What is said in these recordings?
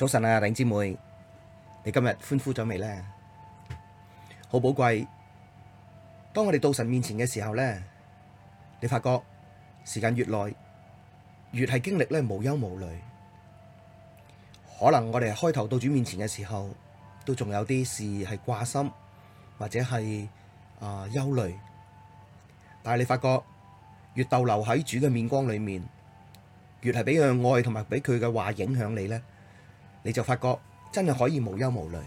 早晨啊，靈姊妹，你今日歡呼咗未呢？好寶貴。當我哋到神面前嘅時候呢，你發覺時間越耐，越係經歷呢無憂無慮。可能我哋開頭到主面前嘅時候，都仲有啲事係掛心或者係啊憂慮，但係你發覺越逗留喺主嘅面光裏面，越係俾佢愛同埋俾佢嘅話影響你呢。你就發覺真係可以無憂無慮，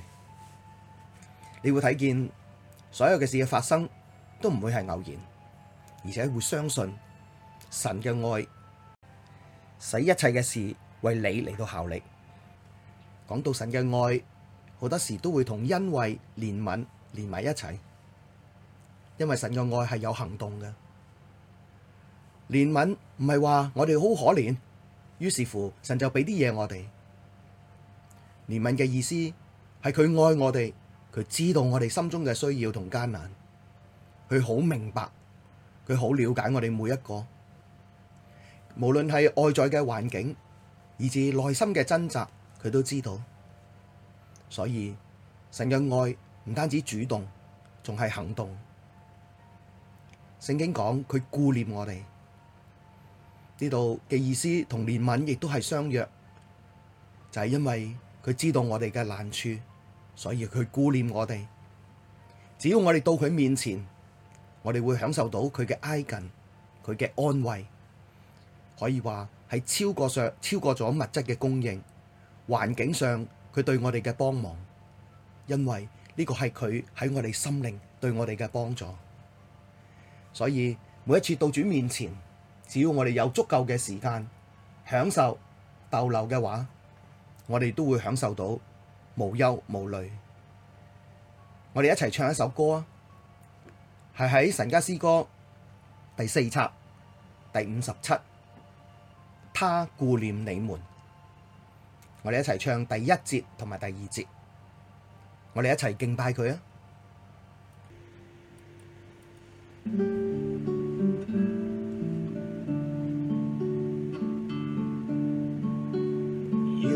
你會睇見所有嘅事嘅發生都唔會係偶然，而且會相信神嘅愛，使一切嘅事為你嚟到效力。講到神嘅愛，好多時都會同恩惠、憐憫連埋一齊，因為神嘅愛係有行動嘅。憐憫唔係話我哋好可憐，於是乎神就俾啲嘢我哋。憐憫嘅意思係佢愛我哋，佢知道我哋心中嘅需要同艱難，佢好明白，佢好了解我哋每一個，無論係外在嘅環境，以至內心嘅掙扎，佢都知道。所以神嘅愛唔單止主動，仲係行動。聖經講佢顧念我哋，呢度嘅意思同憐憫亦都係相若，就係因為。佢知道我哋嘅難處，所以佢顧念我哋。只要我哋到佢面前，我哋會享受到佢嘅挨近，佢嘅安慰，可以話係超過上超過咗物質嘅供應，環境上，佢對我哋嘅幫忙，因為呢個係佢喺我哋心靈對我哋嘅幫助。所以每一次到主面前，只要我哋有足夠嘅時間享受逗留嘅話。我哋都會享受到無憂無慮，我哋一齊唱一首歌啊！係喺《神家詩歌》第四冊第五十七，他顧念你們，我哋一齊唱第一節同埋第二節，我哋一齊敬拜佢啊！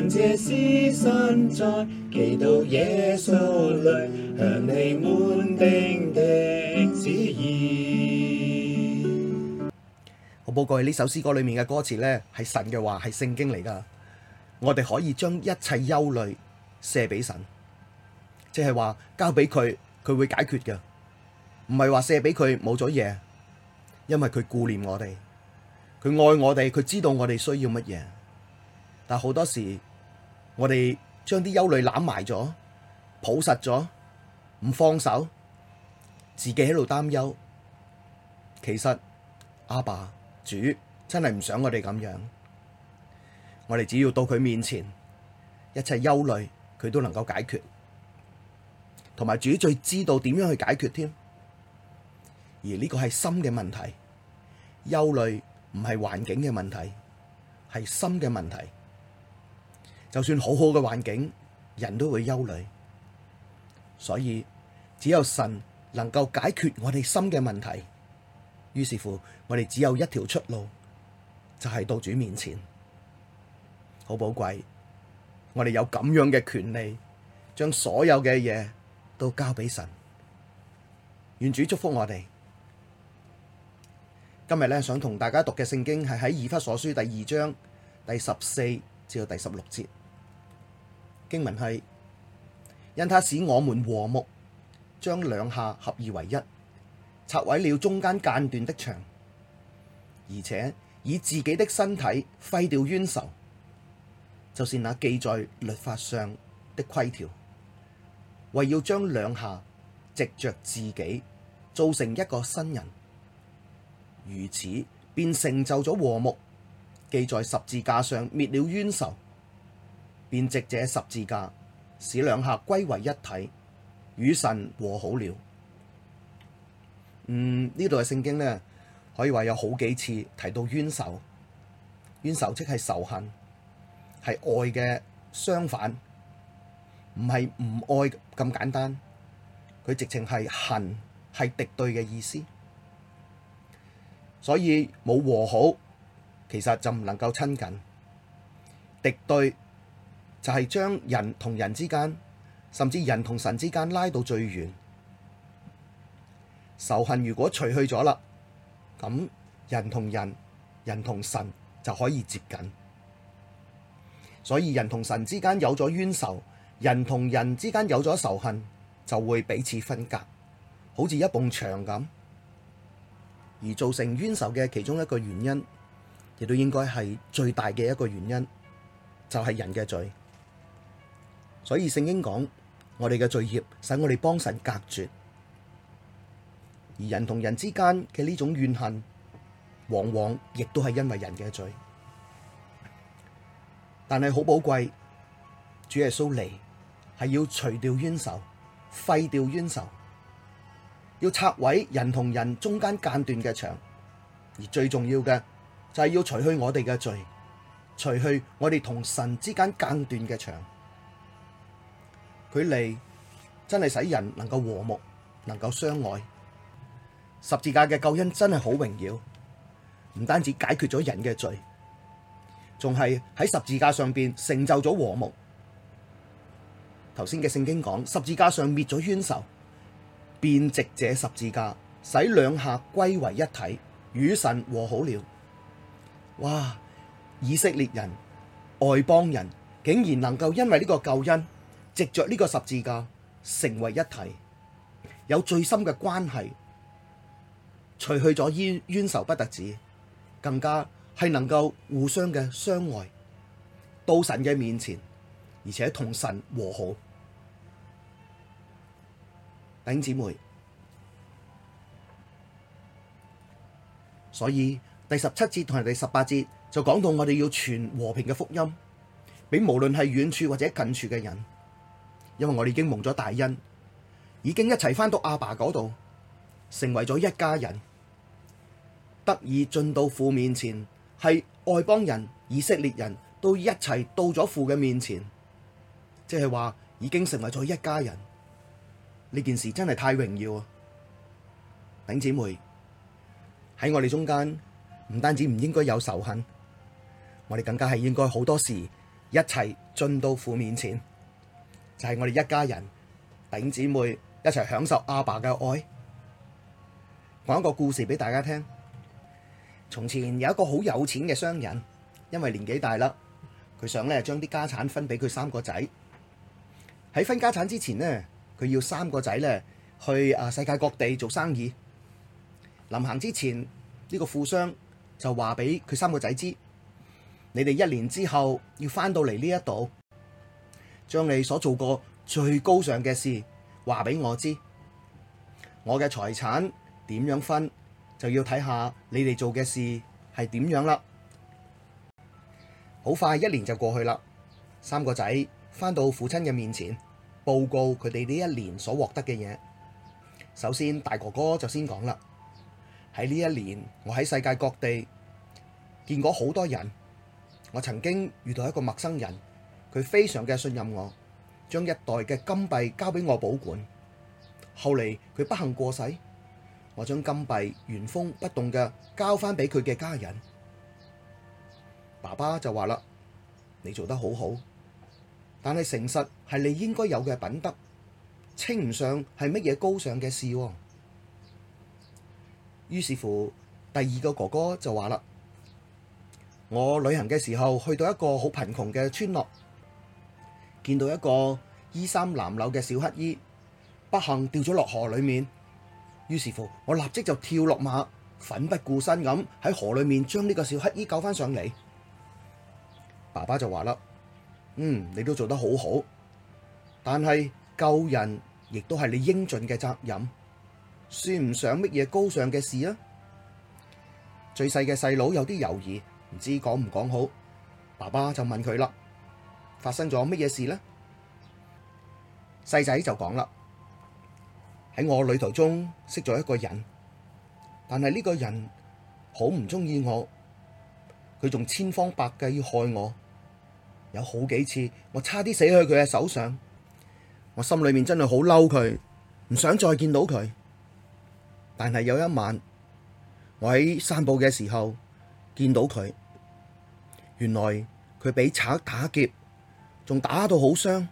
因這是神在基督耶穌裡向你們定的旨意。我報告喺呢首詩歌裏面嘅歌詞呢，係神嘅話，係聖經嚟噶。我哋可以將一切憂慮卸俾神，即係話交俾佢，佢會解決噶。唔係話卸俾佢冇咗嘢，因為佢顧念我哋，佢愛我哋，佢知道我哋需要乜嘢。但係好多時。我哋將啲憂慮攬埋咗，抱實咗，唔放手，自己喺度擔憂。其實阿爸主真係唔想我哋咁樣。我哋只要到佢面前，一切憂慮佢都能夠解決，同埋主最知道點樣去解決添。而呢個係心嘅問題，憂慮唔係環境嘅問題，係心嘅問題。就算好好嘅環境，人都會憂慮，所以只有神能夠解決我哋心嘅問題。於是乎，我哋只有一條出路，就係到主面前，好寶貴。我哋有咁樣嘅權利，將所有嘅嘢都交俾神。願主祝福我哋。今日咧，想同大家讀嘅聖經係喺以弗所書第二章第十四至到第十六節。經文係因他使我們和睦，將兩下合而為一，拆毀了中間隔斷的牆，而且以自己的身體廢掉冤仇，就是那記在律法上的規條，為要將兩下藉著自己造成一個新人，如此便成就咗和睦，既在十字架上滅了冤仇，便藉這十字架，使兩下歸為一體，與神和好了。嗯，呢度嘅聖經咧，可以話有好幾次提到冤仇、冤仇即係仇恨，係愛嘅相反，唔係唔愛咁簡單，佢直情係恨，係敵對嘅意思。所以冇和好，其實就唔能夠親近，敵對。就係將人同人之間，甚至人同神之間拉到最遠。仇恨如果除去咗啦，咁人同人、人同神就可以接近。所以人同神之間有咗冤仇，人同人之間有咗仇恨，就會彼此分隔，好似一埲牆咁。而造成冤仇嘅其中一個原因，亦都應該係最大嘅一個原因，就係人嘅罪。所以聖經講，我哋嘅罪孽使我哋幫神隔絕，而人同人之間嘅呢種怨恨，往往亦都係因為人嘅罪。但係好寶貴，主耶穌嚟係要除掉冤仇、廢掉冤仇，要拆毀人同人中間隔斷嘅牆，而最重要嘅就係要除去我哋嘅罪，除去我哋同神之間隔斷嘅牆。佢嚟真係使人能夠和睦，能夠相愛。十字架嘅救恩真係好榮耀，唔單止解決咗人嘅罪，仲係喺十字架上邊成就咗和睦。頭先嘅聖經講，十字架上滅咗冤仇，便藉著十字架，使兩下歸為一體，與神和好了。哇！以色列人、外邦人竟然能夠因為呢個救恩。藉着呢個十字架成為一體，有最深嘅關係，除去咗冤冤仇不特止，更加係能夠互相嘅相愛，到神嘅面前，而且同神和好。弟兄姊妹，所以第十七節同埋第十八節就講到我哋要傳和平嘅福音，俾無論係遠處或者近處嘅人。因為我哋已經蒙咗大恩，已經一齊返到阿爸嗰度，成為咗一家人，得以進到父面前，係外邦人、以色列人都一齊到咗父嘅面前，即係話已經成為咗一家人。呢件事真係太榮耀啊！弟姐妹喺我哋中間，唔單止唔應該有仇恨，我哋更加係應該好多時一齊進到父面前。就係我哋一家人頂姊妹一齊享受阿爸嘅愛。講一個故事俾大家聽。從前有一個好有錢嘅商人，因為年紀大啦，佢想咧將啲家產分俾佢三個仔。喺分家產之前呢佢要三個仔咧去啊世界各地做生意。臨行之前，呢個富商就話俾佢三個仔知：，你哋一年之後要翻到嚟呢一度。將你所做過最高尚嘅事話俾我知，我嘅財產點樣分就要睇下你哋做嘅事係點樣啦。好快一年就過去啦，三個仔翻到父親嘅面前報告佢哋呢一年所獲得嘅嘢。首先大哥哥就先講啦，喺呢一年我喺世界各地見過好多人，我曾經遇到一個陌生人。佢非常嘅信任我，將一袋嘅金幣交俾我保管。後嚟佢不幸過世，我將金幣原封不動嘅交翻俾佢嘅家人。爸爸就話啦：你做得好好，但係誠實係你應該有嘅品德，稱唔上係乜嘢高尚嘅事哦。於是乎，第二個哥哥就話啦：我旅行嘅時候去到一個好貧窮嘅村落，見到一個衣衫襤褸嘅小乞兒，不幸掉咗落河裏面。於是乎，我立即就跳落馬，奮不顧身咁喺河裏面將呢個小乞兒救翻上嚟。爸爸就話啦，嗯，你都做得好好，但係救人亦都係你應盡嘅責任，算唔上乜嘢高尚嘅事啊！最細嘅細佬有啲猶豫，唔知講唔講好。爸爸就問佢啦。發生咗乜嘢事呢？細仔就講啦，喺我旅途中識咗一個人，但係呢個人好唔中意我，佢仲千方百計要害我，有好幾次我差啲死去佢嘅手上，我心裏面真係好嬲佢，唔想再見到佢。但係有一晚，我喺散步嘅時候見到佢，原來佢俾賊打劫。仲打到好傷，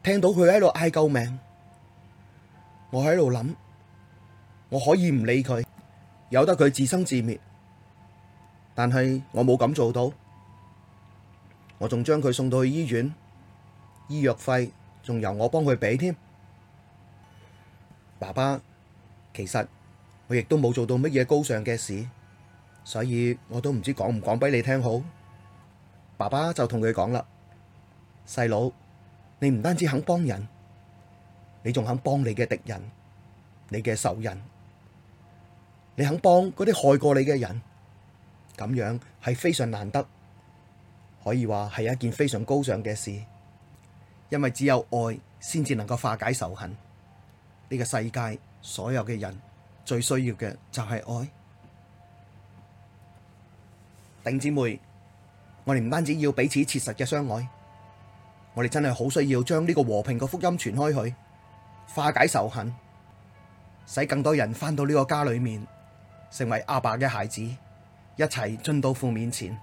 聽到佢喺度嗌救命，我喺度諗，我可以唔理佢，由得佢自生自滅，但係我冇咁做到，我仲將佢送到去醫院，醫藥費仲由我幫佢俾添。爸爸，其實我亦都冇做到乜嘢高尚嘅事，所以我都唔知講唔講俾你聽好。爸爸就同佢講啦，細佬，你唔單止肯幫人，你仲肯幫你嘅敵人，你嘅仇人，你肯幫嗰啲害過你嘅人，咁樣係非常難得，可以話係一件非常高尚嘅事，因為只有愛先至能夠化解仇恨。呢個世界所有嘅人最需要嘅就係愛，頂姐妹。我哋唔單止要彼此切實嘅相愛，我哋真係好需要將呢個和平嘅福音傳開去，化解仇恨，使更多人返到呢個家裏面，成為阿爸嘅孩子，一齊進到父面前。